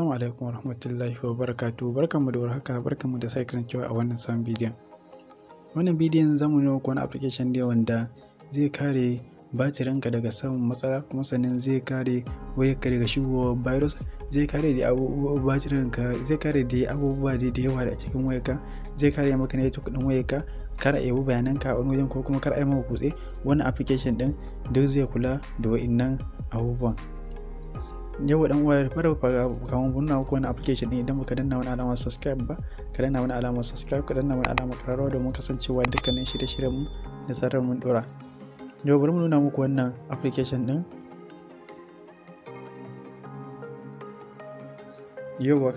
Assalamu alaikum warahmatullahi wabarakatuh barkanmu da warhaka barkanmu da sake kasancewa a wannan sabon bidiyon. Wannan bidiyon zamu nuna muku wani application ne wanda zai kare batirinka daga samun matsala kuma sannan zai kare wayarka daga shigowa virus zai kare da abubuwa zai kare da abubuwa da yawa da cikin wayarka zai kare maka network din wayarka kar a yabi bayananka a wani wajen ko kuma kar a yi maka kutse wannan application din duk zai kula da wa'innan abubuwan yau dan uwa da ga kawon bunna ko wani application ne idan baka danna wani alamar subscribe ba ka danna wani alamar subscribe ka danna wani alamar kararwa domin kasancewa dukkanin shirye-shiryen mu da sarrafa mun dora yau bari mu nuna muku wannan application din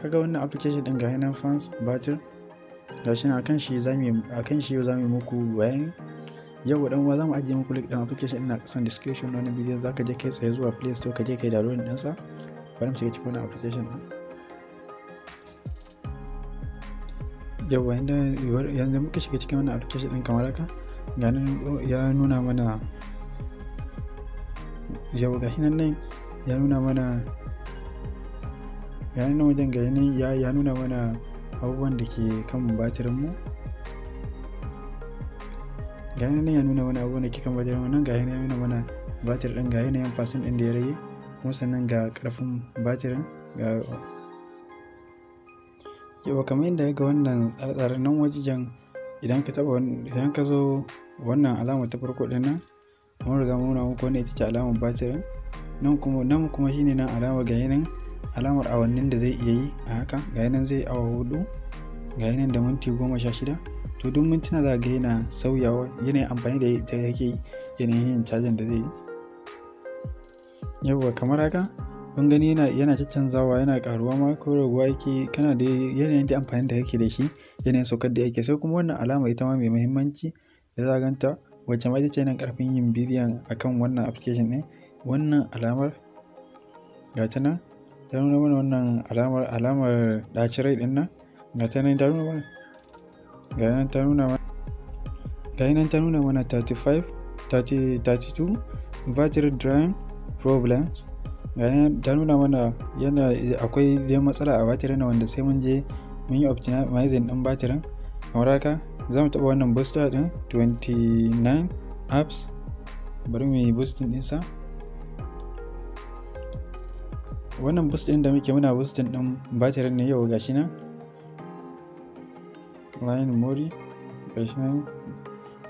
ka ga wannan application din ga nan fans batir gashi na akan shi zamu akan shi yau zamu muku bayani yau dan uwa zamu ajiye muku link din application ina kasan description na wannan bidiyon zaka je kai tsaye zuwa play store ka je kai download din sa bari mu shiga cikin wannan application din yau inda yanzu muka shiga cikin wannan application din kamar haka ga nan ya nuna mana yau ga hinan nan ya nuna mana ya nuna wajen ga ya nuna mana abubuwan da ke kan batirin mu ga yanayin ya nuna wani abu da kikan bajar wannan ga yanayin ya nuna mana batir din ga yan fasin din da ya rage kuma sannan ga karfin batirin ga yawa kamar yadda ga wannan tsare-tsaren nan wajen idan ka taba idan ka zo wannan alama ta farko din nan mun riga mun nuna muku wannan ita ce alamar batirin nan kuma nan kuma shine nan alamar ga yanayin alamar awannin da zai iya yi a haka ga yanayin zai awa hudu ga yanayin da minti goma sha shida to duk mintuna za ga yana sauyawa yanayin amfani da ita yake yanayin cajin da zai yi yawwa kamar haka mun gani yana yana caccanzawa yana karuwa ma ko raguwa yake kana da yanayin da amfani da kake da shi yanayin saukar da yake sai kuma wannan alama ita ma mai muhimmanci da za ganta wacce ma ita ce nan karfin yin bidiyon akan wannan application ne wannan alamar ga ta nan ta nuna mana wannan alamar alamar ɗaci rai nan ga ta nan ta nuna mana ga ta nuna mana ga ta nuna mana 35 32 virtual drawing problems ga ta nuna mana yana akwai dai matsala a batirin na wanda sai mun je mun yi optimizing din batirin kamar haka za mu taɓa wannan booster din 29 apps bari mu yi boosting ɗinsa wannan boost din da muke muna boosting din batirin ne yau gashi nan layin mori gashi nan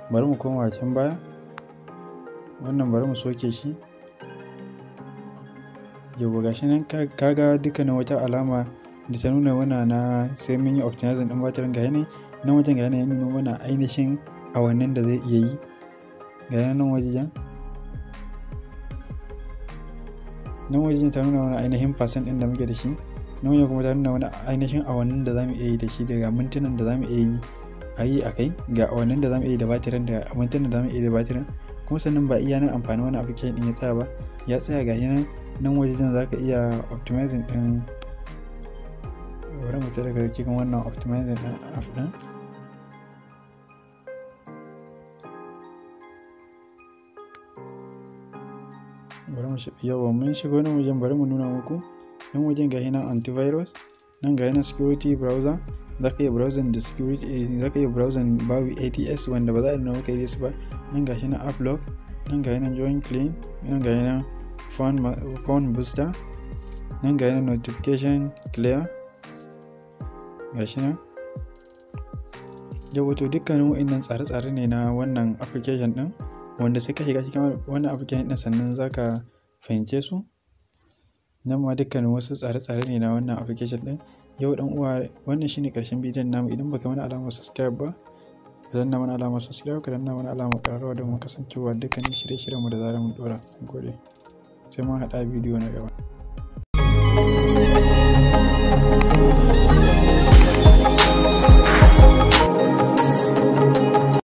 bari mu koma can baya wannan bari mu soke shi yau gashi nan kaga dukkanin wata alama da ta nuna mana na sai mun yi optimizing din batirin ga nan nan wajen nan ya nuna mana ainihin awannin da zai iya yi ga yanayi nan wajen nan wajen ta nuna mana ainihin percent din da muke da shi nauyin kuma ta nuna wani ainihin awannin da za mu iya yi da shi daga mintunan da za mu iya yi a yi a kai ga awannin da za mu iya yi da batirin da mintunan da za mu iya yi da batirin kuma sannan ba iya nan amfani wani abu din ya tsaya ba ya tsaya ga yanan nan wajen za ka iya optimizing ɗin wurin mutu daga cikin wannan optimizing ɗin app bari mu yawa mun shiga wani wajen bari mu nuna muku nan wajen ga nan antivirus nan ga nan security browser za ka iya browsing da security eh, za ka iya browsing babu ats wanda ba za a nuna kai ats ba nan ga nan applog nan ga nan join clean nan ga nan phone booster nan ga nan notification clear ga shi nan wato dukkanin wa'annan tsare-tsare ne na wannan application din wanda sai ka shiga cikin wannan application din sannan za ka fahimce su Nan ma dukkanin wasu tsare-tsare ne na wannan application ɗin. Yau ɗan uwa wannan shine ƙarshen bidiyon namu idan baka mana alamar subscribe ba ka danna mana alamar subscribe ka danna mana alamar ƙararrawa domin kasancewa dukkanin shirye-shiryenmu da zarar mun ɗora. Gode. Sai mun haɗa bidiyo na gaba.